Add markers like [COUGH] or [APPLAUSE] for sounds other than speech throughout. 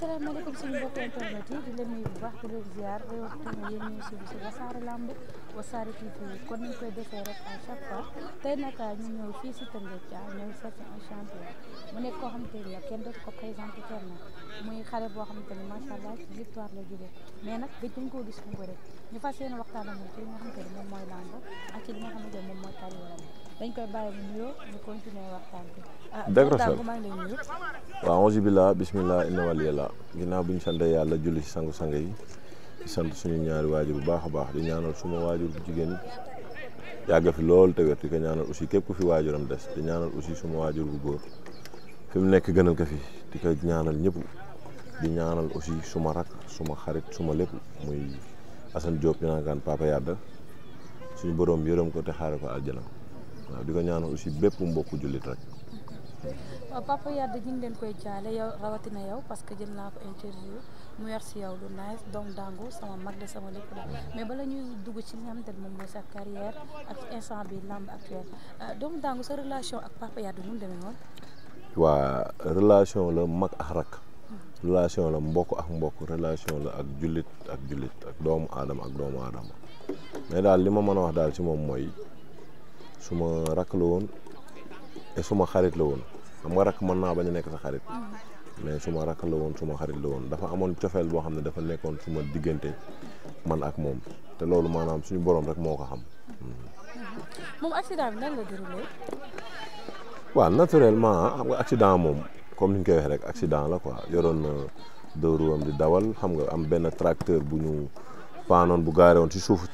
salaamaaleykum suñu mbokki internet yi di leen nuyu leen ziar di wax ne yéen ñuy suivi si Wassare Lamb kon ñu koy defee rek à chaque fois tey nag ñu ñëw fii ah, nekk koo xam ni kenn dootu ko présenté kenn muy xale boo xamante ni macha allah ci victoire la jógee mais nag gëj nañ koo gis mu bëri ñu fas yéene waxtaan ak moom ci li nga xamante ni moom mooy lamb ak ci li nga xamante ni moom mooy carrière dañ koy bàyyi bu nuyoo ah, billah bismillah inna waliyallah ginnaaw bi ñu sant yàlla julli ci sangu sang yi di sant suñu ñaari waajur bu baax a baax di ñaanal suma waajur bu jigéen yàgg fi lool te wet di ko ñaanal aussi képp ku fi waajuram des di ñaanal aussi suma waajur bu góor fi mu nekk gënal ko fi di ñëpp di ñaanal aussi suma xarit suma lépp muy Assane Diop ñu naan papa yàdda suñu borom yërëm ko te xaare ko aljana waaw di ko ñaanal aussi bépp mbokku jullit rek. Euh, Papa Yade ñu leen koy jaale yow rawatina yow parce que jël naa ko interview mu yor si yow lu nice doom dangu la mais bala euh, sa relation ak Papa Yade mu demee woon. waa relation la mag ak rak relation la mbokk ak mbokk relation la ak jullit ak jullit ak doomu aadama ak doomu aadama mais daal li ma mën a wax daal ci moom mooy. suma rakk la woon te suma xarit la woon xam nga rakk mën naa bañ a nekk sa xarit mm-hmm. mais suma rakk la woon suma xarit la woon dafa amoon cofeel boo xam ne dafa nekkoon suma diggante man ak moom te loolu maanaam suñu boroom rek moo ko xam. Mm-hmm. moom accident bi nan la déroulé. xam nga accident moom comme ni ñu koy waxee rek accident la quoi yoroon na deux di dawal xam nga am benn tracteur bu ñu paanoon bu gaaree woon ci suufu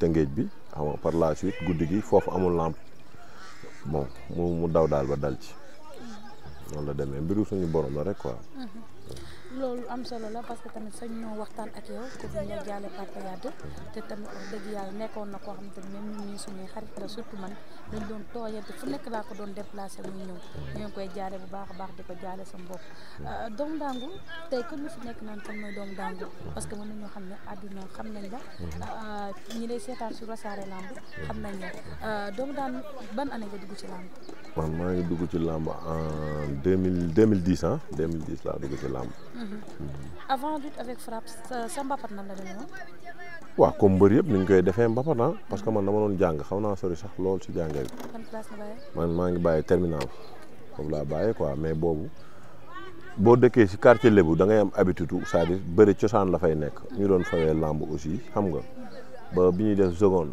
te ngéej bi. xam par la suite guddi gi foofu amul lampe bon mu mu daw daal ba dal ci. noonu la demee mbiru suñu borom la rek quoi. Mhm. loolu am solo la parce que tamit sañ noo waxtaan ak yow te ñu la jaale Papa Yade te tamit wax dëgg yàlla nekkoon na koo xam te même ñun ñii suñuy xarit la surtout man dañ doon tooyante fu nekk laa ko doon déplacé muy ñëw ñu ngi koy jaale bu baax a baax di ko jaale sa mbokk euh, doomu daangu tey comme naan kan mooy doomu daangu parce que mën nañoo xam ne àdduna xam nañ la euh, ñi lay seetaan sur Wassare Lamb xam nañ la euh, doomu daan ban année nga dugg ci lamb man maa ngi dugg ci lamb en deux mille deux mille dix ah deux mille dix laa dugg ci lamb Mm-hmm. avant lutte avec mbër yëpp niñ koy defee mbapat ah parce que man dama doon jàng xam naa sori sax lool si jàngee man maa ngi bàyyi terminal foofu laa bàyyee quoi mais boobu boo dëkkee si quartier Lébu da ngay am habitude cest saa dire bëri cosaan la fay nekk. ñu doon fawee làmb aussi xam nga ba bi ñuy def seconde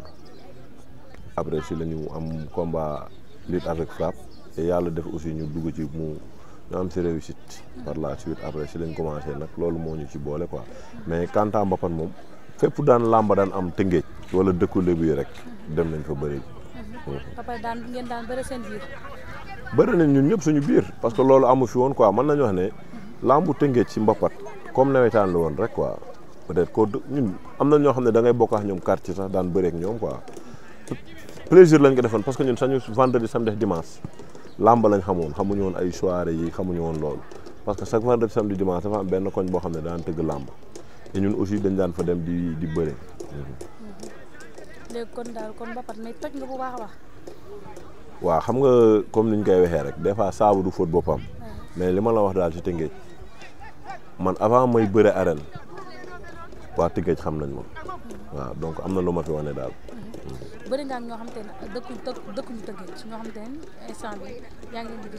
après si lañu ñu am combat lutte avec frappe te yàlla def aussi ñu dugg ci mu. ñu am si réussite par la suite après si lañ commencé nag loolu moo ñu ci boole ko mais quant à moom fépp daan làmba daan am tëngéej wala dëkku lébu yi rek dem nañ fa bëri. Mhm. papa daan nañ ñun ñëpp suñu biir parce que loolu amu fi woon quoi mën nañu wax ne làmbu tëngéej si Mbapat comme nawetaan la woon rek quoi peut-être ko ñun am na ñoo xam ne da ngay bokk ak ñoom quartier sax daan bëri ak ñoom quoi plaisir lañ ko defoon parce que ñun sañu vendredi samedi dimanche. làmb lañ xamoon xamuñu woon ay soirée yi xamuñu woon loolu parce que chaque vendredi samedi dimanche dafa am benn koñ boo xam ne daan tëgg làmb te ñun aussi dañ daan fa dem di di bëre. Mhm. léegi kon nga bu baax a xam nga comme niñ koy waxee rek des fois saabu du fóot boppam. mais li ma la wax daal ci Tëngéej man avant may bëre aren waa Tëngéej xam nañ ma mhm. waaw donc am na lu ma fi wane daal. bëri nga ñoo xamante ne dëkku dëkkuñu Tëngéej ñoo xamante ne instant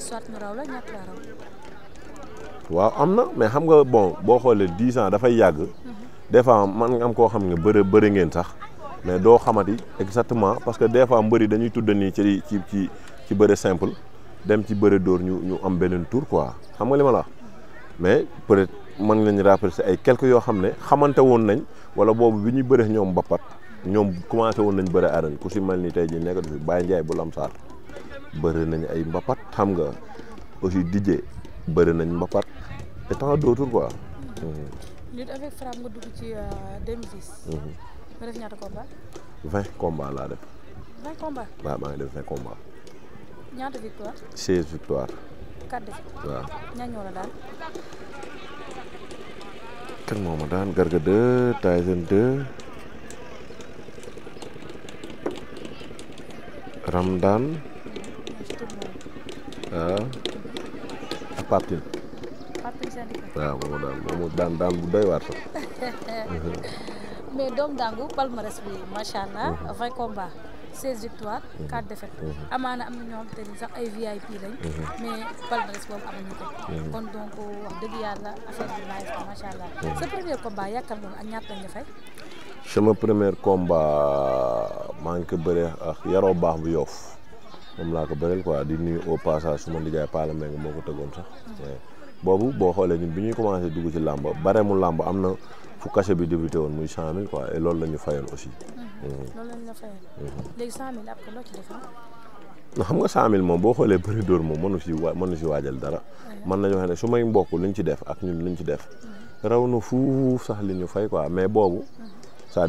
soit ñu raw la ñàkk laa raw. waaw am na mais xam nga bon boo xoolee dix ans dafay yàgg. Mhm. des fois man nga am koo xam ne bëri bëri ngeen sax mais doo xamati exactement parce que des fois mbëri dañuy tudd nii ci ci ci ci bëri simple dem ci bëri dóor ñu ñu am beneen tour quoi xam nga li ma la mais peut-être mën nañu si ay quelques yoo xam ne xamante woon nañ wala boobu bi ñuy bëri ñoom ba ñoom commencé woon nañ bëri arène ku si mel ni tey jii nekk du fi Baye Ndiaye bu Lamsaar bëri nañ ay mbapat xam nga aussi DJ bëri nañ mbapat et tant d'autres quoi. Mmh. lutte avec frappe euh, mmh. def ñaata vingt combat laa def. vingt combat maa ngi def vingt combat. ñaata victoire. seize victoire. quatre défaites. waaw ñaan daal. kan moo ma daan Garga 2 Tyson 2. Ramadan ah ak Papine waaw moom daan moom daan bu doy waar sax. [LAUGHS] mais Doomu Dangu palmarès bi macha allah 20 combats 16 victoires 4 mhm. défaites. Mhm. amaana am na ñoo xamante ni ay VIP lañ. Mhm. mais palmarès boobu amuñu ko. kon donc wax dëgg yàlla affaire bi laaj macha allah. sa premier combat yàkkal nga ak ñaata lañ fay. sama premier combat maa ngi ko bëree ak yaroo baax bu yoof moom laa ko bëreel quoi di nuyu au passage su ma nijaay Paala Meng moo ko tëggoon sax boobu boo xoolee ñun bi ñuy commencé dugg ci làmb bare mu làmb am na fu cachet bi débuté woon muy cent mille quoi et loolu la ñu fayoon aussi. Mm-hmm. Mm-hmm. loolu la mm-hmm. nga cent mille boo xoolee bëri dóor moom mënu si wa mënu si waajal dara. mën nañu wax ne su may mbokk liñ ci def ak ñun liñ ci def. raw na fuuf sax li ñu fay quoi mais boobu. cest à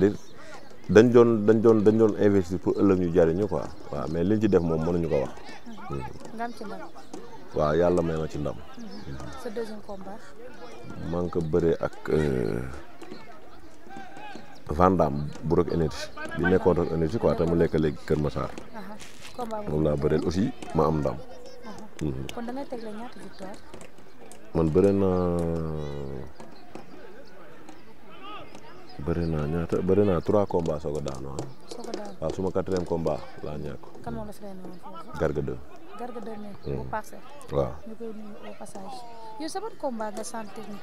dañ doon dañ doon dañ doon investir pour ëllëg ñu jariñu quoi waaw mais liñ ci def moom ñu ko wax. waaw yàlla may ma ci ndam. sa deuxième combat. maa ngi ko bëree ak euh, Vandam bu rek énergie bi nekkoon rek énergie quoi te mu lekk léegi Kër Massar. moom laa bëreel aussi ma am ndam. Mhm. man bëre naa. bëri naa ñaata naa trois combats soo ko daanu ah. soo ko daanu waaw suma quatrième laa ñàkk. kan moo hmm.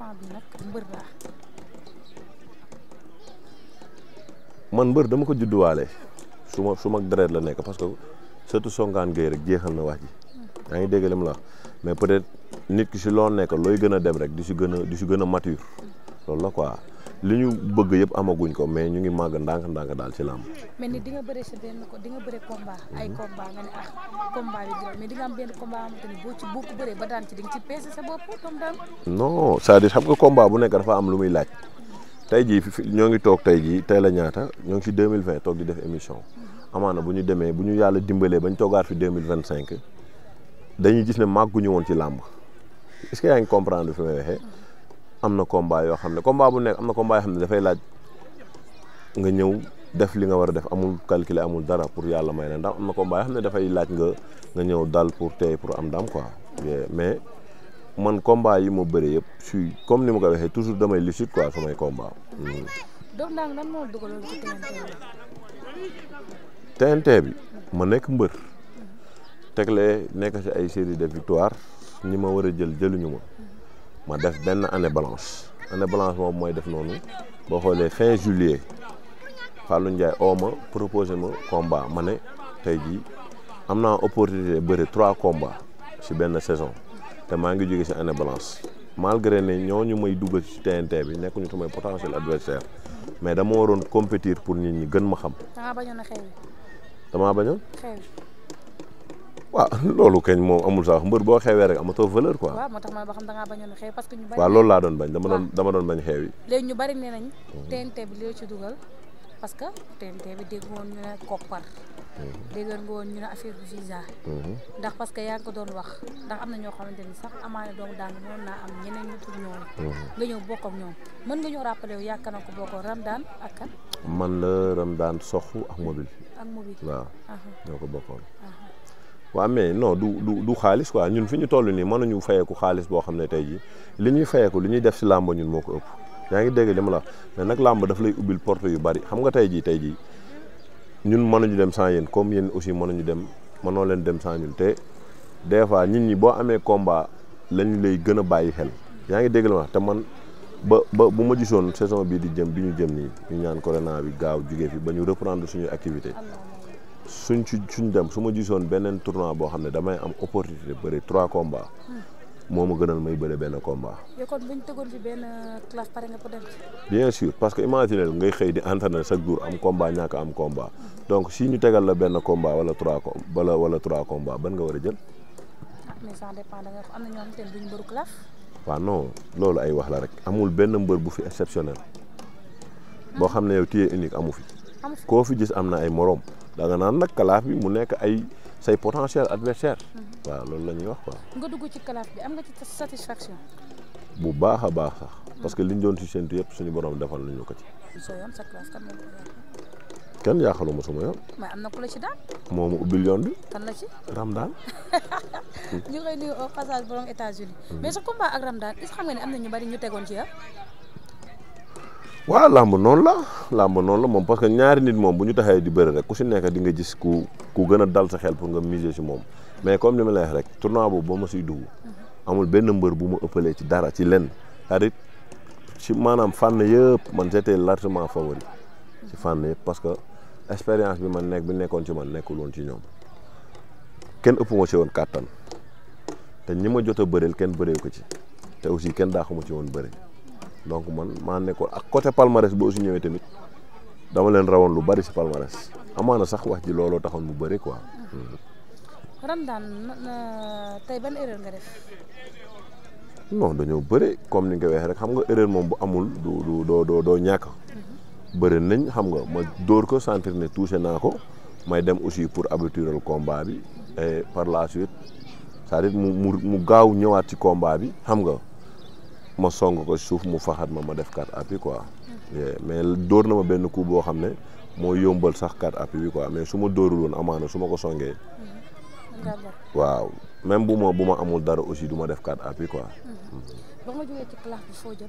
mbër man mbër dama ko judduwaale su ma su ma deret la nekk parce que surtout songaan géey rek jeexal na wax ji. Hmm. yaa ngi dégg la mais peut-être nit ki si loo nekk looy gën a dem rek di si gën a di si gën a mature hmm. li ñu bëgg yëpp amaguñ ko mais ñu ngi màgg ndànk ndànk daal ci làmb. mais ni di nga bëre sa benn ko di bëre combat ay mhm. combat nga ne ah combat nga am benn combat nga ci peese sa bopp lu muy laaj. tey jii fi ñoo ngi toog tey jii tey la ñaata ñoo ngi ci 2020 toog di def émission. amaana bu ñu demee ñu yàlla dimbalee ba toogaat fi 2025 dañuy gis ne màgguñu woon ci làmb est-ce que yaa ngi comprendre fi may waxee. am na combat yoo xam ne combat bu nekk am na combat yoo xam ne dafay laaj nga ñëw def li nga war a def amul calculer amul dara pour yàlla may la ndam am na combat yoo xam ne dafay laaj nga nga ñëw dal pour tey pour am ndam quoi mais man combat yi ma bëre yëpp suis comme ni ma ko waxee toujours damay lucide quoi samay combat hmm. Doomu Ndang lan moo dugaloon bi ma nekk mbër tegle nekk si ay série de victoire ñi ma war a jël jëluñu ma ma def benn année blanche anne balance moom mooy def noonu boo xoolee fin juillet Fallou Ndiaye oo ma proposé ma combat ma ne tey jii am naa opportunité bëri trois combats si benn saison te maa ngi jóge ci année blanche malgré ne ñooñu may dugg ci TNT bi nekkuñu samay potentiel adversaire mais dama waroon compétir pour nit ñi gën ma xam. damaa bañoon a waaw loolu kañ moom amul sax mbër boo xeewee rek amatoo valeur quoi. waaw moo tax man ba xam da ngaa bañoon xeew parce que ñu bari waaw loolu laa doon bañ mhm. que TNT bi dégg woon ñu ne koppar. Mhm. dégg woon ñu ne affaire du visa. Mhm. ndax parce que yaa ngi ko doon wax ndax am na ñoo xamante ni sax amaana doomu daan mën bokk ak ñoom mën nga ñëw rappelé wu yàgg na ko bokkoon Ramdaan ak man la Ramdaan soxu ak mobile. ak mobile waaw ñoo ko bokkoon. waaw mais no du du du xaalis quoi ñun fi ñu toll nii mënuñu fayeeku xaalis boo xam ne tey jii li ñuy fayeeku lu ñuy def si làmb ñun moo ko ëpp yaa ngi dégg li ma la mais nag làmb daf lay ubbil porte yu bari xam nga tey jii tey jii ñun mënuñu dem sans comme yéen aussi mënuñu dem mënoo leen dem sans ñun te des fois nit ñi boo amee komba lañ lay gën a bàyyi xel yaa ngi dégg li ma te man ba ba bu ma gisoon saison bii di jëm bi ñu jëm nii ñu ñaan corona bi gaaw jugee fi ba ñu reprendre suñu activité suñ ci suñ dem su ma gisoon beneen tournoi boo xam ne damay am opportunité bëri trois combats. Hmm. moo ma gënal may bëre benn combat. yow euh, bien sûr parce que imaginer ngay xëy di entraîner chaque jour am combat ñàkk am combat. Hmm. donc si ñu tegal la benn combat wala trois com wala wala trois combat ban nga war a jël. Ah, mais ça non loolu ay wax la rek amul benn mbër bu fi exceptionnel boo hmm. xam ne yow tu unique amu fi. koo fi gis am na ay morom. da nga naan nag kalaaf bi mu nekk ay say potentiel adversaire mhm. waaw loolu la ñuy wax quoi. nga dugg ci kalaaf bi am nga ci satisfaction. bu baax a baax sax. Mhm. parce que liñ doon si séntu yëpp suñu borom defal nañu ko ci. kenn yaaxaluma sama yoon. mais am na la ci daal. ubbil yoon bi. kan la ci. Ramdan. [LAUGHS] ñu ngi mhm. am na ñu bari ñu tegoon ci yow. waa làmb noonu la làmb noonu la moom parce que ñaari nit moom bu ñu taxee di bëri rek ku si nekk di nga gis ku ku gën a dal sa xel pour nga miser si moom mais comme ni ma lay wax rek tournoi boobu ba ma siy dugg mhm. amul benn mbër bu ma ëppalee ci dara ci lenn cest si dire ci maanaam fànn yëpp man j'étais largement favori ci fànn yëpp parce que expérience bi man nekk bi nekkoon ci man nekkul woon ci ñoom kenn ëpp ma ci woon kàttan te ñi ma jot a bëreel kenn bëree ko ci te aussi kenn daaxuma ci woon bëri donc man maa nekkoon ak côté palmarès boo si ñëwee tamit dama leen rawoon lu bari si palmarès amaana sax wax ji looloo taxoon mu bëri quoi. Hmm. Ramdan tey ban erreur nga def. non dañoo bëri comme ni nga ko waxee rek xam nga erreur moom bu amul du doo doo doo ñàkk. Mhm. bëri nañ xam nga ma dóor ko sentir ne touché naa ko may dem aussi pour aboutir kombaa bi et par la suite cest à mu mu mu gaaw ñëwaat ci kombaa bi xam nga. ma song ko suuf mu faxat ma ma def quatre appuis quoi. mais door na ma benn coup boo xam ne moo yombal sax quatre appuis bi quoi mais su ma dóorul woon amaana su ma ko songee. Mm-hmm. même bu ma bu ma amul dara aussi du ma def quatre appuis quoi. Mm-hmm. ba nga jógee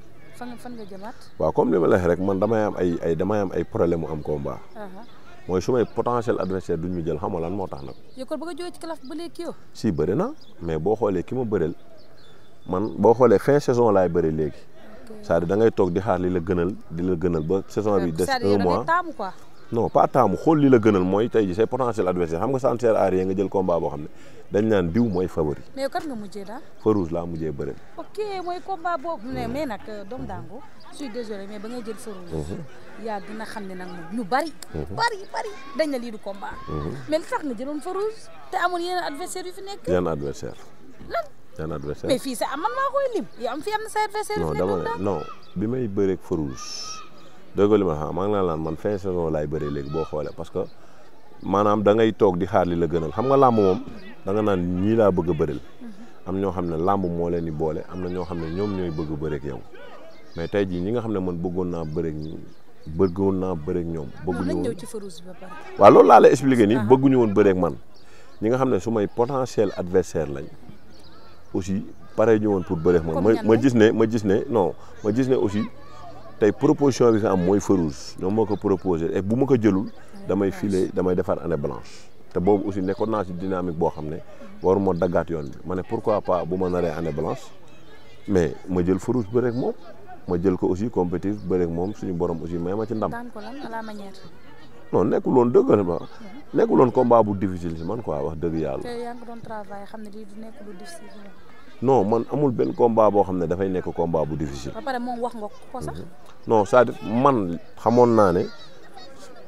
comme li ma la man damay am ay ay damay am ay problème mu am combat. Uh-huh. mooy su may potentiel adversaire duñ mu jël xam nga lan moo tax nag. yow ba nga jógee ci classe ba léegi yow. si bëri na mais boo xoolee ki ma bëreel. man boo xoolee fin saison laay bëri léegi c'est-à-dire da ngay toog di xaar li la gënal di la gënal ba saison bi des un mois non pas taamu xool li la gënal mooy tey ji say potentiel adversaire xam nga ça ne sert à rien nga jël combat boo xam ne dañ naan diw mooy favori. mais kat nga mujjee daal. farouge laa mujjee bëri. ok mooy combat boobu mais nag euh, doomu daango je suis désolé mais ba ngay jël farouge. Mhm. yaa gën a xam ne nag moom ñu bari. Mhm. bari bari dañ na lii du combat. Mhm. mais li tax nga jëloon farouge te amoon yeneen adversaire yu fi nekk. yeneen adversaire lan. seen adversaire mais fii sa am ah, man maa koy lim fi sa adversaire. non dama bi may bëreeg Farouz dëgg li ma xam ah, maa ngi naan man fin saison laay bëree léegi boo xoolee parce que maanaam da ngay toog di xaar li la gënal xam nga làmb moom danga nga naan ñii laa bëgg a mm-hmm. am ñoo xam ne làmb moo leen di boole am na ñoo xam ne ñoom ñooy bëgg bëreek bëreeg yow mais tey jii ñi nga xam ne man bëggoon naa bëreeg ñi bëggoon naa bëreeg ñoom. bëgguñu woon ñëw ci Farouz bi ba pare. laa lay expliqué nii ah. bëgguñu woon bëreeg man ñi nga xam ne sumay may potentiel adversaire lañ aussi pare ñëwoon pour bëre moom ma ma gis ne ma gis ne non ma gis ne aussi tey proposition bi fi am mooy feu ñoom moo ko proposé bu ma ko jëlul damay filer damay defar année balance te boobu aussi nekkoon naa si dynamique boo xam ne waru ma daggaat yoon bi ma ne pourquoi pas bu ma naree année blanche mais ma jël feu rouge bëre ak moom ma jël ko aussi compétitif bëre moom suñu borom aussi may ma ci ndam. non nekkul woon dëgg na ma nekkul woon bu difficile si man quoi wax dëgg yàlla. te man amul benn combat boo xam ne dafay nekk combat bu difficile. ba pare moom mhm. man xamoon naa ne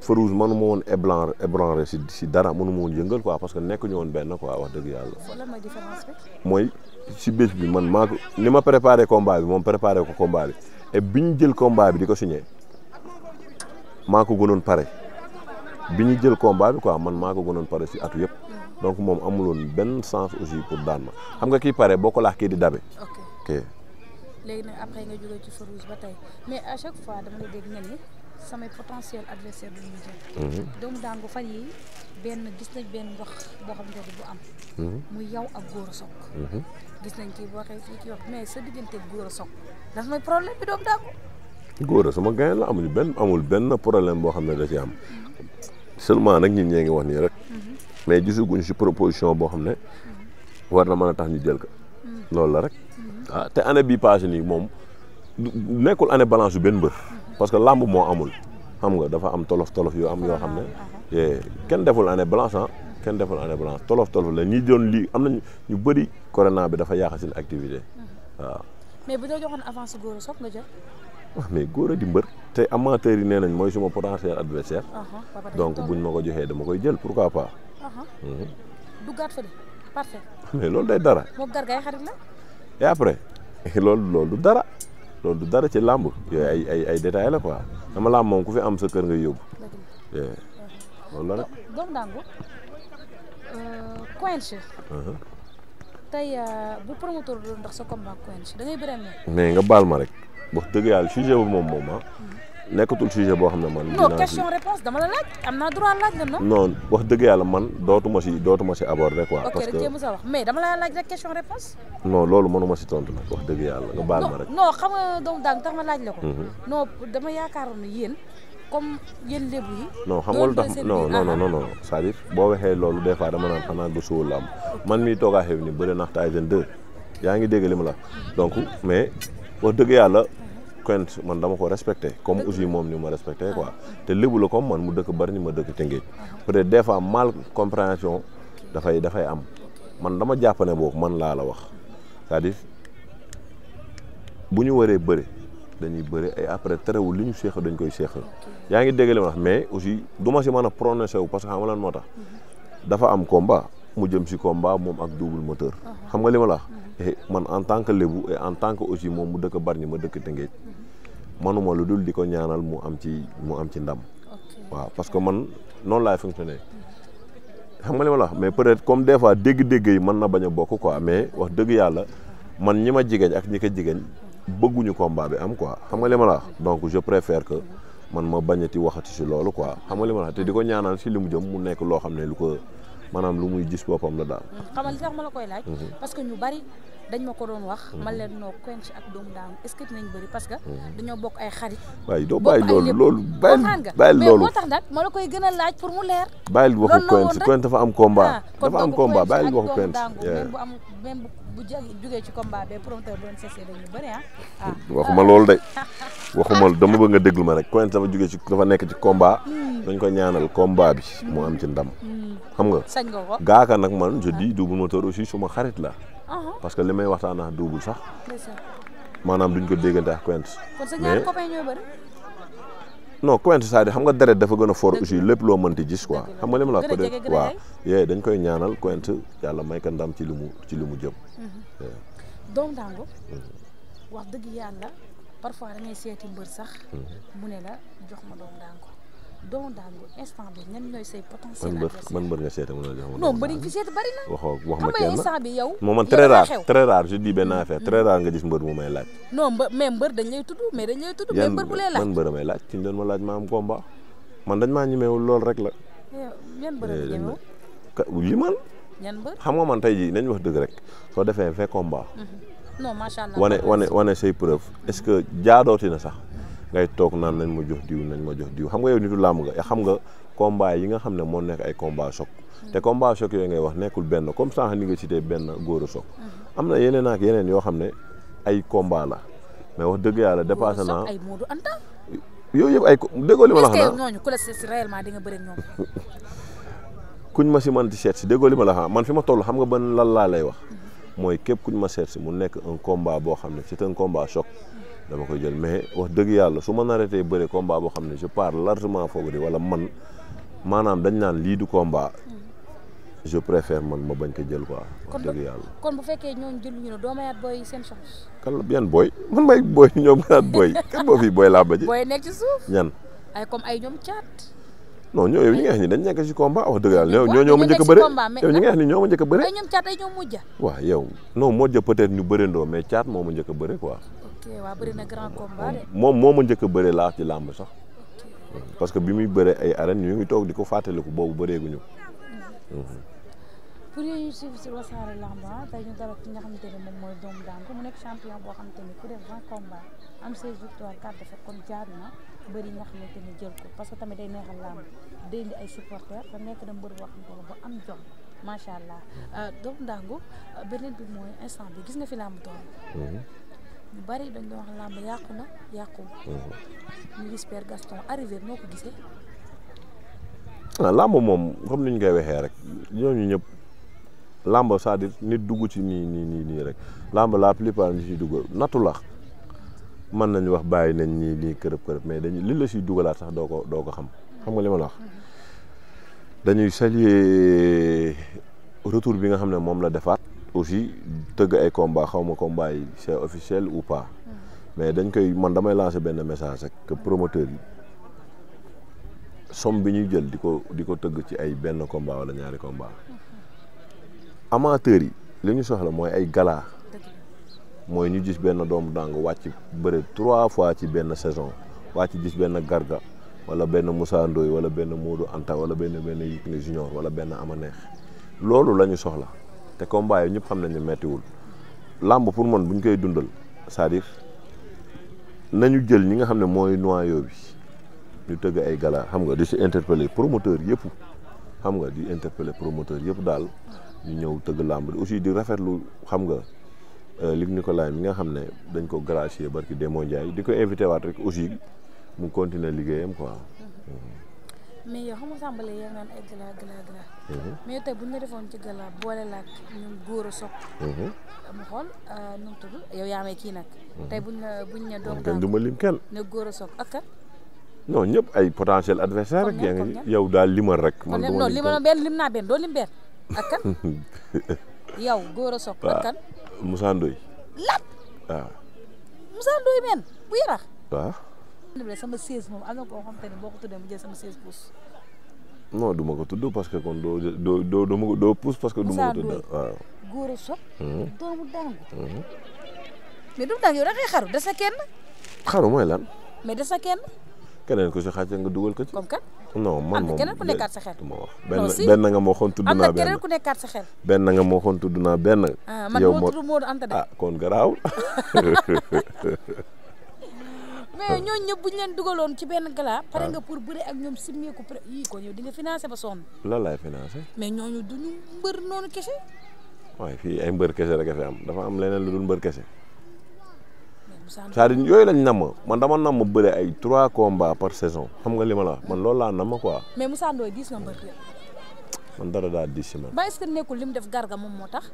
feu rouge manuma woon ébranler ébranler si si dara manuma woon yëngal quoi parce que nekkuñu woon benn quoi wax dëgg yàlla. bi. mooy si bés bi man maa ko ni ma préparé combat bi moom préparé ko combat bi bi jël combat bi di ko signé maa ko gënoon pare. bi ñu jël combat bi quoi man maa ko gënoon pare si atu yëpp donc moom amuloon benn sens aussi pour daan ma xam nga kii pare boo ko laax kii di dabe. ok léegi nag après nga jógee ci Farouz ba tey mais à chaque fois dama nga jël. Mhm. doomu daangu fan boo xam mhm. mhm. mais sa diggante Gora Sock daf may problème bi doomu daangu. Gora sama gain la amul benn amul benn problème boo xam ne da am. seulement nag ñun ñee ngi wax nii rek mhm. mais gisaguñ si proposition boo xam ne war na mën a tax ñu jël ko mhm. loolu la rek ah te année bii passé nii moom nekkul année balance yu benn mbër parce que làmb moo amul xam nga dafa am tolof tolof yoo am yoo xam ne kenn deful année balance ah kenn deful année balance tolof tolof la ñi doon lii am nañu ñu bëri corona bi dafa yàq seen activité waaw. wax ah, mais góor a di mbër te amateurs yi nee nañ mooy suma potentiel adversaire donc buñ ma ko joxee dama koy jël pourquoi pas. Mhm. duggaat mais loolu day dara. moom gargaay xarit la. et après [LAUGHS] loolu loolu du dara ci làmb yooyu ay ay la quoi dama làmb moom ku fi am sa kër nga yóbbu. Eh, loolu la euh, euh, nga baal ma rek. wax dëgg yàlla sujet bu moom moom ah nekkatul sujet boo xam ne man. non question réponse dama naa wax dëgg yàlla man dootuma si dootuma si aborder quoi. parce que ok rek wax mais dama laaj rek question loolu mënuma si tontu nag wax dëgg yàlla nga baal ma rek. non xam nga doomu daal laaj la ko. Mhm. non dama yaakaaroon ne yéen. comme yéen lébu yi. non xam nga lu tax ah, non non non non ah. cest boo waxee loolu des fois dama naan xanaa du suul la am man mii toog a xew ni bëri nax Tyson 2 yaa ngi dégg li ma la donc mais wax dëgg yàlla Quench man dama ko respecté comme aussi moom ni ma respecté ah. quoi te lébu la comme man mu dëkk bari ñu ma dëkk Tëngéej ah. peut être des fois mal compréhension dafay dafay am man dama jàpp ne man laa la wax cest à bu ñu waree bëri dañuy bëri ay après terewul li ñu seex dañ koy seex yaa ngi dégg wax mais aussi du ma si mën a prononcé wu parce que moo tax mhm. dafa am combat mu jëm si combat moom ak double moteur ah. xam nga li la et man en tant que lébu en tant que aussi moom mu dëkk Bargny ma dëkk Tëngéej manuma lu dul di ko ñaanal mu am ci mu am ci ndam waaw parce que man noonu laay fonctionner xam nga li ma la mais peut-être comme des fois dégg-dégg yi mën na bañ a bokk quoi mais wax dëgg yàlla man ñi ma jigéen ak ñi ko jigéen bëgguñu koom bi am quoi xam nga li ma la donc je préfère que man ma bañati waxati si loolu quoi xam nga li ma la wax te di ko ñaanal si li mu jëm mu nekk loo xam ne lu ko maanaam lu muy gis boppam la daal. Mm. Mm-hmm. parce que ñu bari dañ ma ko doon wax. Mm-hmm. ma noo Quench ak doomu daanu est-ce que parce que. Mm-hmm. dañoo bokk ay xarit. waaye doo bàyyi loolu loolu bàyyi bàyyi loolu mais moo tax nag ma la koy dafa am combat. Ah, dafa am combat bàyyil waxu Quench. waxuma loolu de waxuma dama bëgg nga déglu ma rek Quench dafa jógee ci dafa nekk ci combat. Hmm. dañ ko ñaanal combat bi mu am ci ndam. Hmm. xam nga sañ nga nag man je ah. dis double moteur aussi suma xarit la. Uh-huh. parce que li may waxtaan ak sax. maanaam duñ ko déggante ak Quench. kon sa ñaari xam nga deret dafa gën a foor aussi lépp loo mënti jis quoi. xam nga li ma la wax peut-être waaw. yee dañ koy ñaanal Quench yàlla may ko ndam ci li mu ci li mu jëm. Mm-hmm. Mm-hmm. sax. Mm-hmm. mu la jox ma Doomu Dangu. doomu daangu instant bi ñan ñooy say potentiel man mbër nga seeta mën a jox non mbër yi fi seet bari na wax wax ma kenn instant bi yow moom man très rare très rare je dis benn hmm. affaire très rare nga gis mbër mu may laaj non mbër mais mbër dañ lay tudd mais dañ lay tudd mais mbër bu lay laaj man mbër may laaj ci doon ma laaj ma am combat man dañ maa ñemewul lool rek la ñan eh, mbër eh, ñemewul li man ñan mbër xam nga man tey jii nañ wax dëgg rek soo defee vingt combat hmm. non macha allah wane wane wane say preuve est-ce que jaadootina sax ngay toog naan nañ ma jox diw nañ ma jox diw xam nga yow nitu laam nga xam nga combat yi nga xam ne moo nekk ay combat choc mm-hmm. te combat choc yooyu ngay wax nekkul benn comme sànq ni nga cité benn góor a choc mm-hmm. am na yeneen ak yeneen yoo xam ne ay combat la mais wax dëgg yàlla dépassé naa yooyu yëpp ay déggoo li ma la wax [LAUGHS] man di seet si déggoo li ma man fi ma toll xam nga ban lan laa lay wax mm-hmm. mooy képp kuñ ma seet si mu nekk un combat boo xam ne c'est un combat choc dama koy jël mais wax dëgg yàlla su ma naree bëre combat boo xam ne je pars largement favori wala man maanaam dañ naan lii du combat. je préfère man ma bañ ko jël quoi. wax yàlla kon bu fekkee booy seen chance. booy man may booy [LAUGHS] ñoom mayaat booy kan ba ji. booy nekk ci suuf ñan. ay comme ay ñoom caat. non ñooñu ñi nga xam ne dañ nekk ci combat wax dëgg yàlla ñoo ñoo ma bëre yow ñi nga xam ne ñoo ma njëkk a ñoom caat waaw yow non moo jë ñu bërendoo mais caat moo ma a bëre quoi. waa bëri na grand combat de. moom moo ma njëkk a bëre laa ci làmb sax. parce que bi muy bëre ay arènes ñu ngi toog di ko fàttaliku boobu bëreeguñu. pour yooyu ñu suivre sur Wassare Lamb ah, tey ñu dara nga xamante ne moom mooy Doomu Dangu boo xamante ni ku am seize victoires quatre défaites kon jaar jël ko parce que tamit day neexal làmb day ay supporters ba nekk na mbër boo xamante ne bu am jom macha allah mm-hmm. euh, Doomu Dangu euh, beneen bi mooy instant bi gis nga fi làmb tool. Mm-hmm. làmb na mhm. ah, làmb moom comme ni ñu koy waxee rek ñooñu ñëpp làmb cest à nit dugg ci nii nii nii nii rek làmb la plupart ñi ciy dugg nattu la mën nañu wax bàyyi nañ nii nii kërëb kërëb mais dañu li la ciy sax doo ko doo xam xam nga li ma la wax. Mhm. dañuy saluer retour bi nga xam ne moom la defaat. aussi tëgg ay combat xaw ma combat yi c'est officiel ou pas mais dañ koy man damay lancer benn message rek que promoteur yi some bi ñuy jël di ko di ko tëgg ci ay benn combat wala ñaari combat amateurs yi li ñu soxla mooy ay gala mooy ñu gis benn doomu dàng wàcc bëre trois fois ci benn saison wàcc gis benn Garga wala benn Moussa Ndoye wala benn Modou Anta wala benn benn Yékini Junior wala benn Ama Neex loolu la soxla te combat yi ñëpp xam nañ ne méttiwul làmb pour man bu ñu koy dundal cest à nañu jël ñi nga xam ne mooy noyau bi ñu tëgg ay gala xam nga di si interpeller promoteur yëpp xam nga di interpeller promoteur yëpp daal ñu ñëw tëgg làmb aussi di rafetlu xam nga euh, Luc Nicolaï mi nga xam ne dañ ko gracier barki Demba Ndiaye di ko invité waat rek aussi mu continuer liggéeyam quoi. mais yow xam nga sàmbale yaa ngi naan ay gala gala gala. Mhm. mais tey bu ñu la defoon ci gala boole la ak ñoom góor a soog. Mhm. mu xool euh, nu mu tudd yow yaa may kii nag. Mhm. tey bu ñu la bu ñu la doon kenn du ma lim kenn. ne góor a soog ak kat. non ñëpp ay potentiel adversaire rek. yaa ngi yow daal limal rek. man du ma lim non benn lim naa benn doo lim benn ak kan. [LAUGHS] yow góor a soog ak kan. Moussa Ndoye. lan. waaw. Ah. Moussa Ndoye men bu yarax. waaw. sama seize moom am na du ma ko tudd parce que doo doo doo parce que. du ma ko tudd mhm. mhm. mooy lan. mais des ko si xaajal nga dugal ko ci. comme kat man moom keneen ku nekkaat sa xel. benn moo xoon tudd naa benn am na keneen ku nekkaat sa xel. benn nga moo naa benn. Ah, yow moo man ah, kon garaawul. [LAUGHS] mais euh. ñooñu ñëpp bu ñu leen ci benn gala. pare ah. nga pour bëre ak ñoom simmee ko pre yii ko ñëw di nga financé ba sonn. lan laay financé. mais ñooñu du ñu mbër noonu kese. waaye fii ay mbër kese rek a fi am dafa am leneen lu dul mbër kese. c'est-à-dire yooyu lañ namm man dama namm bëre ay trois combats par saison xam nga li ma la man loolu laa namm quoi. mais Moussa Ndoye diis na mbër man dara daa diis si man. ba est-ce que nekkul li def garga moom moo tax.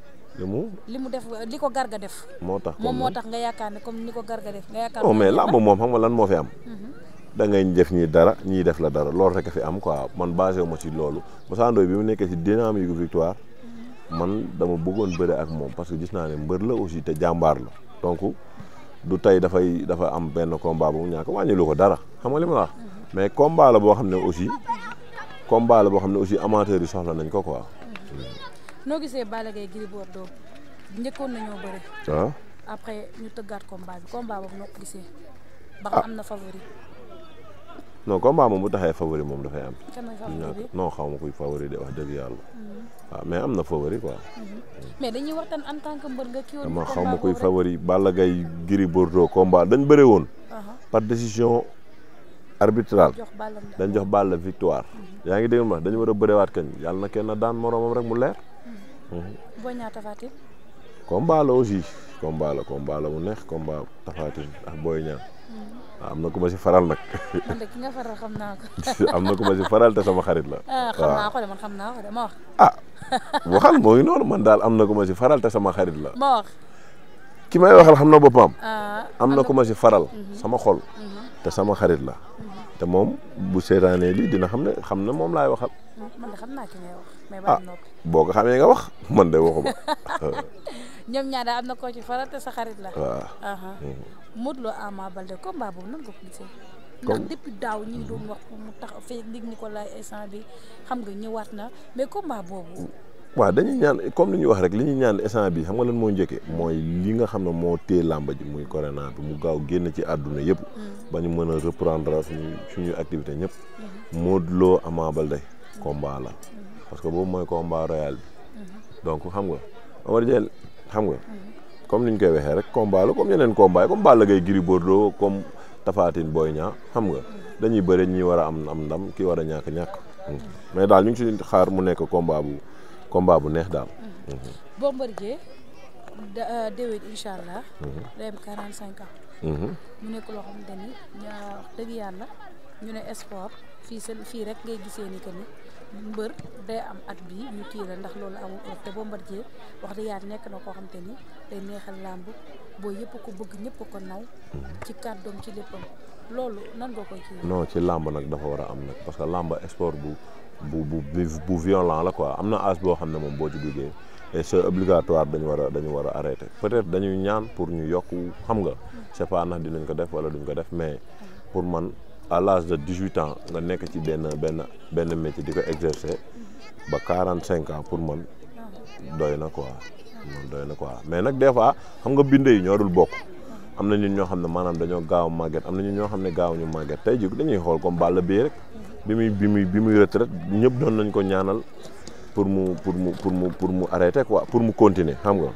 li mu def li ko garga def. moo tax moom moo tax nga yaakaar ne comme ni ko garga def. nga yaakaar moom xam nga lan moo fi am. Mhm. da ngay def ñii dara ñii def la dara loolu rek a fi am quoi man basé wu ma ci loolu Moussa bi mu nekkee ci am gu victoire mhm. man dama bëggoon bëre ak moom parce que gis naa ne mbër la aussi te jàmbaar la donc du tey dafay dafa am benn combat bu mu ñàkk wàññi lu ko dara xam nga li ma la wax mhm. mais combat la boo xam ne aussi. combat la boo xam ne aussi amateurs yi soxla nañ ko quoi. Mm-hmm. noo gisee Balla Gaye Gris Bordeaux njëkkoon nañoo bëri. waaw ah. après ñu tëggaat combat bi combat boobu noo ko gisee. ba ah. am na favori. non combat moom bu taxee favori moom dafay am. non xaw ma kuy wax dëgg yàlla. Mm-hmm. Ah, mais am na favori quoi. Mm-hmm. xaw ma kuy favori Balla Gaye Gris Bordeaux combat dañ bëri woon. Uh-huh. par décision. arbitral dañ jox Balla victoire. Mhm. yaa ngi dégg ma dañu war a bërewaat kañ yàlla na kenn daan moroomam rek mu leer. Mhm. Mhm. boo ñaata Tafatine. combat aussi combat la combat la mu neex combat Tafatine ak Boy Niang. am na ku ma si faral nag. man ko. [LAUGHS] am na ku ma si faral te sama xarit la. Ah, waaw xam naa ah, am na ku ma si faral sama xarit la. ki may waxal xam na boppam. Ah, am na ku ma si faral. sama xol. te sama xarit la. te moom bu seetaanee lii dina xam ne xam na moom laay waxal. man de xam naa ki ngay wax. mais ah a ko xamee nga wax man de waxuma. [LAUGHS] [LAUGHS] ñoom ñaar daal am na koo ci faral te sa xarit la. waaw. Mm-hmm. Modou Lo Ama Baldé combat boobu nan nga ko gisee. ndax depuis daaw ñu doon wax mu tax fii lig Nicolas instant bi xam nga ñëwaat na mais combat boobu. waaw dañuy ñaan comme li ñuy wax rek li ñuy ñaan instant bi xam nga lan moo njëkkee mooy li nga xam ne moo téye làmba ji muy corona bi mu gaaw génn ci àdduna yëpp mm. ba ñu mën a reprendre suñu suñuy activité ñëpp mm-hmm. Modou Lo Ama Baldé combat la mm-hmm. parce que boobu mooy combat royal bi mm-hmm. donc xam nga Omar Dieng xam nga comme ni ñu koy waxee rek combat kom comme yeneen combat yi comme Balla Gaye Gris Bordeaux comme Tapha Tine xam nga dañuy bëre ñi war a am am ndam ki war a ñàkk ñàkk mais daal ñu ngi si xaar mu nekk combat bu combat bu neex daal. Mhm. Bombardier da euh, déwén incha allah. Mhm. day am 45 ans. Mhm. mu nekk loo xamante ni ña wax dëgg yàlla ñu ne sport fii seen fii rek ngay gisee ni que ni mbër day am at bii ñu kii ndax loolu amul te Bombardier wax dëgg yàlla nekk na koo xamante ni day neexal làmb boo yëpp ko bëgg ñëpp ko naw. ci kàddoom ci léppam loolu nan nga koy kii. non ci làmb nag dafa war a am nag parce que làmb sport bu. bu bu bu violent la quoi am na âge boo xam ne moom boo ci duggee et obligatoire dañu war a dañu war a peut-être dañuy ñaan pour ñu yokk xam nga c'est pas ndax dinañ ko def wala duñ ko def mais pour man à l'âge de dix-huit ans nga nekk ci benn benn benn métier di ko exercer ba quarante-cinq pour man doy na quoi man na quoi mais nag des fois xam nga binde yi ñoo dul bokk am na ñun ñoo xam ne maanaam dañoo gaaw màgget am na ñun ñoo xam ne gaaw ñu màgget tey jii dañuy xool comme Balla bii rek. bi muy bi muy bi muy retraite ñëpp doon nañ ko ñaanal pour mu pour mu pour mu pour mu arrêter quoi pour mu continuer xam nga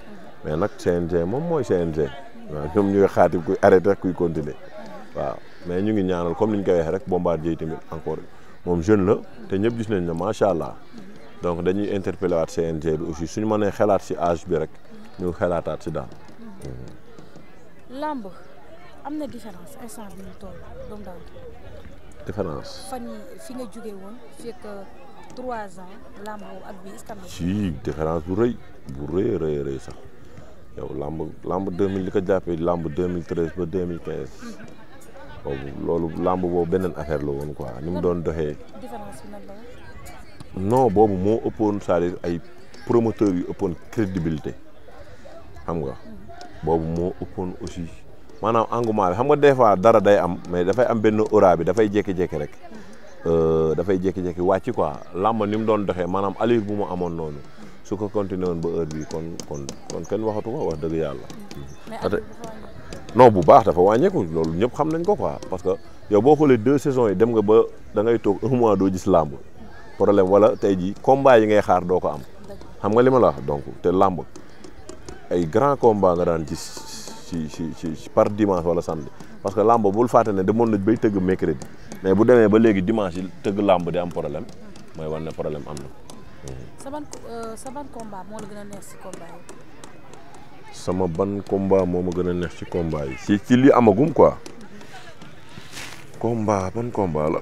mais nag CNG moom mooy CNG waaw ñoom ñu ngi xaati kuy arrêter kuy continuer waaw mais ñu ngi ñaanal comme ni ñu koy waxee rek Bombardier tamit encore moom jeune la te ñëpp gis nañ ne macha allah donc dañuy interpellé waat CNG aussi suñu mënee xalaat si âge bi rek ñu xalaataat si daal. différence. fan si différence bu rëy bu rëy rëy rëy sax yow làmb làmb 2000 li ko jàppee làmb 2013 ba 2015. boobu loolu làmb boobu beneen affaire la woon quoi ni mu doon doxee. no bi boobu moo ëppoon cest à ay promoteurs yu ëppoon crédibilité xam nga. Mhm. boobu moo ëppoon aussi. maanaam engouement bi xam nga des fois dara day am mais dafay am benn aura bi dafay jékki-jékki rek euh, dafay jékki-jékki wàcc quoi làmb ni mu doon doxee maanaam allure bu mu amoon noonu su ko continué woon ba heure kon kon kon kenn waxatu ko wax dëgg yàlla. non bu baax dafa wàññeeku loolu ñëpp xam nañ ko quoi parce que yow boo xoolee deux saisons yi dem nga ba da ngay toog un mois doo gis làmb problème wala tey jii combat yi ngay xaar doo ko am. xam nga li ma la donc te làmb ay grand combat nga daan gis. ci si ci par dimanche wala samedi parce que làmb bul fàtte ne demoon na bay tëgg mercredi mais bu demee ba léegi dimanche yi tëgg làmb di am problème mooy wan ne problème am na. sa ban euh, sa moo ma gën a neex ci combat yi ci ci amagum quoi. combat ban combat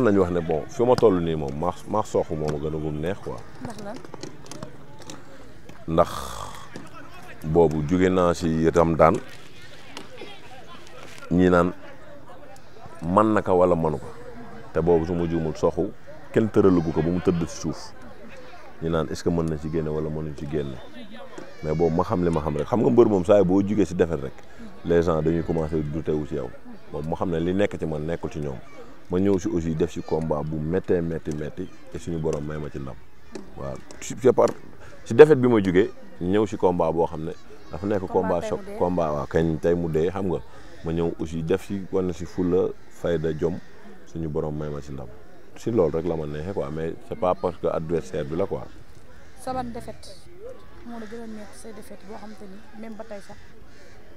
nañu wax ne bon ma toll nii moom maax maax soxu moo ma gën a gum neex ko ndax boobu jóge naa ci Ramadaan ñi naan man naka wala manu ko te boobu su ma jumul soxu kenn tëralugu ko ba mu tëdd si suuf ñi naan est-ce que mën na ci génne wala mënuñ ci génne mais boobu ma xam li ma xam rek xam nga mbër moom saa boo jógee si defet rek les gens dañuy commencé douter wu ci yow boobu ma xam ne li nekk ci man nekkul ci ñoom ma ñëw si aussi def ci combat bu méttee métti métti suñu borom may ma ci ndam waaw c'est par si défaite bi ma jugee ñëw si combat boo xam ne dafa nekk combat choc combat waaw kañ tey mu dee xam nga ma ñëw aussi def si wane si fulla fayda jom suñu boroom may ma si ndam si loolu rek la ma neexee quoi mais c'est pas parce que adversaire bi la quoi. sabat défaite moo la gën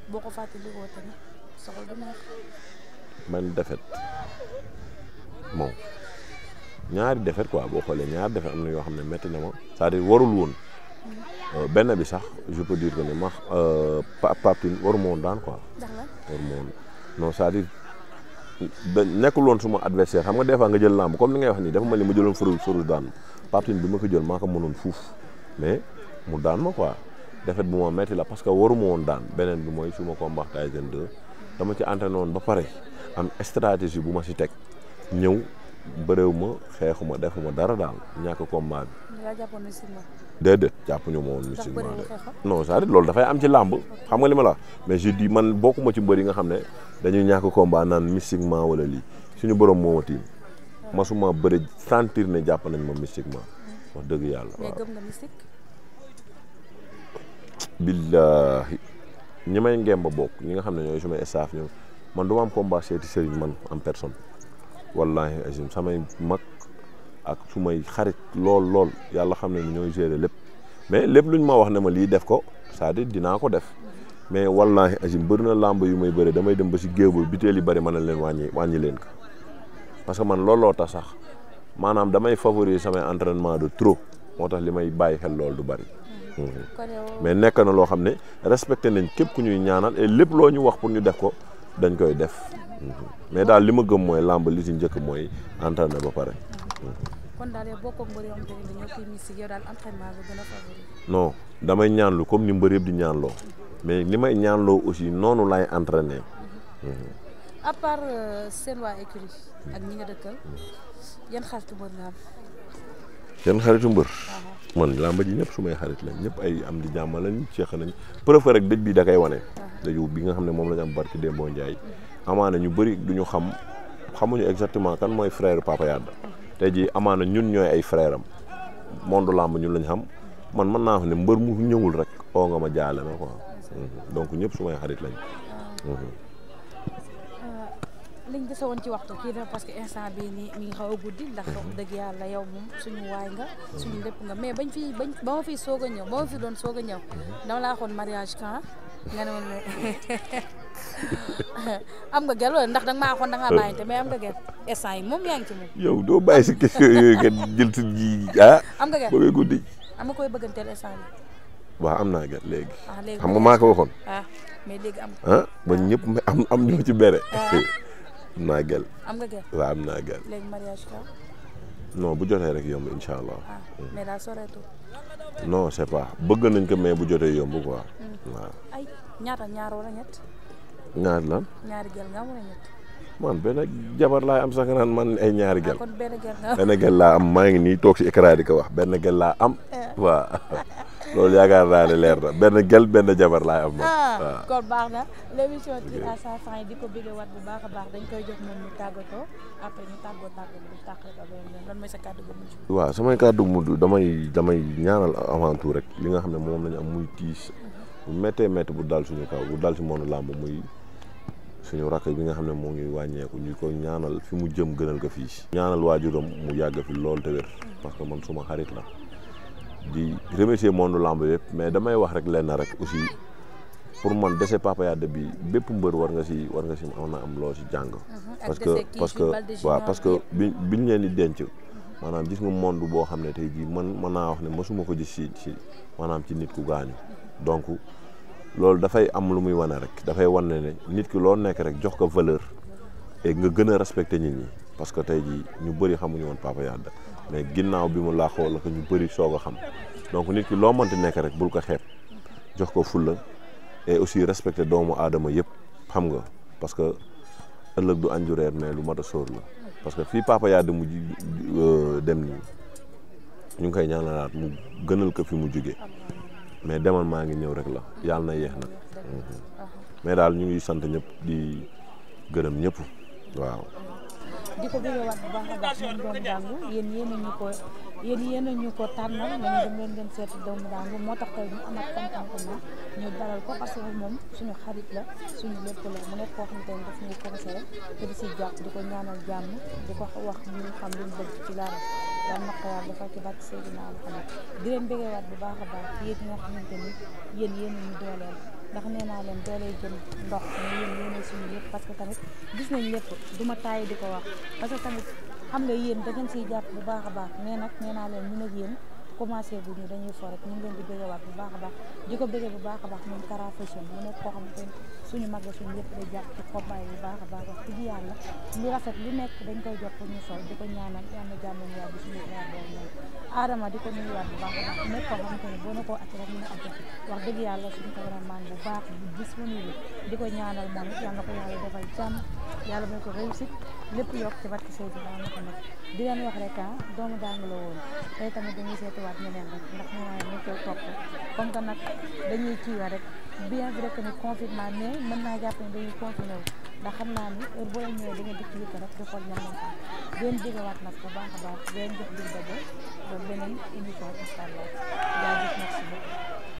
boo xam ko fàttaliwoo tamit soxal du ñaari défaite quoi am na yoo xam ne métti na ma cest à warul woon. Euh, benn bi sax je peux dire que ne ma euh, Pape Tine waruma woon daan quoi. waruma woon non c'est-à-dire da nekkul suma adversaire xam nga des fois nga jël lamb comme ni nga wax nii dafa mel ni mu jëloon fëru fëru daan Pape bi ma ko jël maa ko mënoon fuuf mais mu daan ma quoi defet bu ma metti la parce que waruma woon daan beneen bi mooy suma ko combat Tyson 2 dama ci entraîné woon ba pare am stratégie bu ma si teg ñëw bëréew ma xeexuma defuma dara daal ñàkk combat bi. déedéet jàpp ñu ma woon musulman de non c'est-à-dire loolu dafay am ci làmb xam nga li ma mais je man bokk bokkuma ci mbër yi nga xam ne dañuy ñàkk combat naan mystiquement wala lii suñu borom moo ma tiim masuma bëri sentir ne jàpp nañ ma mystiquement wax dëgg yàlla waaw billaahi ñi may ngemb bokk ñi nga xam ne ñooy sumay staff ñoom man du am combat seeti sëriñ man am personne wallaahi azim samay mag ak su may xarit lool lool yàlla xam ne ni ñooy gérer lépp mais lépp lu ñu ma wax ne ma lii def ko c'est-à-dire dinaa ko def mais wallaahi azim bëri na làmb yu may bëri damay dem ba si géew ba biteel yi bari man na leen wàññi wàññi leen ko parce que man looloo tax sax maanaam damay favoriser samay entraînement de trop moo tax li may bàyyi xel loolu du bëri. Hmm. Hmm. mais nekk na loo xam ne respecté nañ képp ku ñuy ñaanal et lépp loo ñu wax pour ñu def ko dañ koy def hmm. mais daal li ma gëm mooy làmb li si njëkk mooy entraîné ba pare. kon daal non damay ñaanlu comme ni mbër yëpp di ñaanloo mais li may ñaanloo aussi noonu laay entraîné. Mm-hmm. à part euh, seen waa xaritu mbër nga am. yan xaritu mbër. Uh-huh. man làmba ji ñëpp su may xarit lañ ñëpp ay am di jàmm lañ ceex nañ preuve rek dëj bi da koy wane. Uh-huh. dëju bi nga xam ne moom la ñu am barki Demba Ndiaye. amaana ñu bari du ñu xam xamuñu exactement kan mooy frère Papa Yada. Uh-huh. te jii amaana ñun ñooy ay frère am monde làmb ñun lañ xam man mën naa wax ne mbër mu ñëwul rek oo nga ma jaale ma quoi mhm. donc ñëpp sumay xarit lañ. Mhm. Euh, liñ dese woon ci waxtu kii na parce que instant bi nii mi xaw a guddi ndax wax mhm. dëgg yàlla yow moom suñu waay nga suñu lépp nga mais bañ fi bañ ba ma fiy soog a fi doon ñëw dama laa waxoon mariage quand [LAUGHS] am nga gel wala am yow doo bàyyi si question yooyu nga ah. waaw am naa gel léegi. Ah, xam nga ah, am ba ñëpp am am ñu [LAUGHS] am naa gel. am naa gel. léegi bu jotee rek yomb incha allah. mais daal soreetul. bëgg nañ ko mais bu jotee yomb quoi hmm. waaw. ñaata ñaar wala ñett. ñaari gel nga am wala ñett. man benn jabar laay am sax naan man ay ñaari gel. Ah, kon benn gel laa am maa ngi nii toog si écran di ko wax benn gel am. Eh. waaw [LAUGHS] yaakaar naa ne leer benn gel benn jabar laay ah, bu baax a baax dañ koy jox moom ñu tàggatoo après ñu tàggoo ñu tàggatoo ba lan mooy sa li nga xam ne moom la am muy tiis. bu méttee métti bu dal suñu kaw bu dal si monde làmb muy suñu rakk bi nga xam ne moo ngi wàññeeku ñu ko ñaanal fi mu jëm gënal ko fii. ñaanal waajuram mu yàgg fi lool te parce que man suma xarit la di remercier monde làmb mais damay wax rek lenn rek aussi pour man dese Papa Yade bi bépp mbër war nga si war nga si am na am loo si jàng. Mhm. parce que parce que waaw parce que bi biñ leen di denc. maanaam gis nga monde boo xam ne tey jii man mën naa wax ne mësuma ko gis si si maanaam ci nit ku gaañu. donc loolu dafay am lu muy wane rek dafay wane ne nit ki loo nekk rek jox ko valeur et nga gën a respecté nit ñi parce que tey jii ñu bëri xamuñu woon Papa Yada mais ginnaaw bi mu laaxoo la ko ñu bëri soog a xam donc nit ki loo mënti nekk rek bul ko xeeb jox ko fulla et aussi respecté doomu aadama yëpp xam nga parce que ëllëg du añ du reer mais lu mat a sóor la parce que fii Papa Yada mu euh, dem nii ñu ngi koy ñaanalaat mu gënal ko fi mu jógee mais demal maa ngi ñëw rek la yàlla na yéex na mhm. mais daal ñu ngi sant ñëpp di gërëm ñëpp waaw di ko bëggeewaat bu baax a baax suñu doomu daangu yéen yéen ñu ko tànna yéen a ñu ko tànnal nañu dem leen dem doomu daangu moo tax tey ñu amat contentement ñu dalal ko parce que moom suñu xarit la suñu lépp la mu nekk koo xam ne daf ñu di ko ñaanal jàmm di ko wax ñu xam lu mu bëgg ci laara daal naqawaat dafa ci bàcc Seydina Muhammad di leen bëggeewaat bu baax a baax yéen ñi xamante ni yéen yéen ñu dooleel ndax nee naa leen dooley jën ndox ñu yéen yéene suñu lépp parce que tamit gis nañ lépp du tàyyi di ko wax parce que tamit xam nga yéen da ngeen siy jàpp bu baax a baax mais nag nee naa leen ñun ak yéen commencé bu ñu dañuy fo rek ngi leen di bëggewaat bu baax a baax di ko bëgge bu baax a baax moom Kara Fashion mu nekk koo xam suñu mag la suñu yëpp day jàpp ci combat bu baax a baax wax dëgg yàlla lu rafet lu nekk dañ koy jox pour ñu sol di ko ñaanal yal na jàmm ñu yàgg suñu yaay boobu noonu Adama di a baax nekk wax dëgg yàlla suñu cameraman bu baax bu disponible di ko ñaanal moom it na ko yàlla defal jàmm yàlla may ko réussite lépp yokk ci barke Seydina Muhammad di leen wax rek ah doomu daangu la woon tey tamit dañuy seetiwaat ñeneen rek ndax ñu waaye ñu koy topp comme que nag dañuy kiiwa rek bien vrai que ni confinement mais mën naa jàpp ne dañuy confiné wu ndax xam naa ni heure boo leen ñëwee da nga dikk yëpp rek di xool ñan lañ am ngeen jégawaat nag bu baax a baax ngeen jox dig daje ba beneen émission incha allah jaajëf merci beaucoup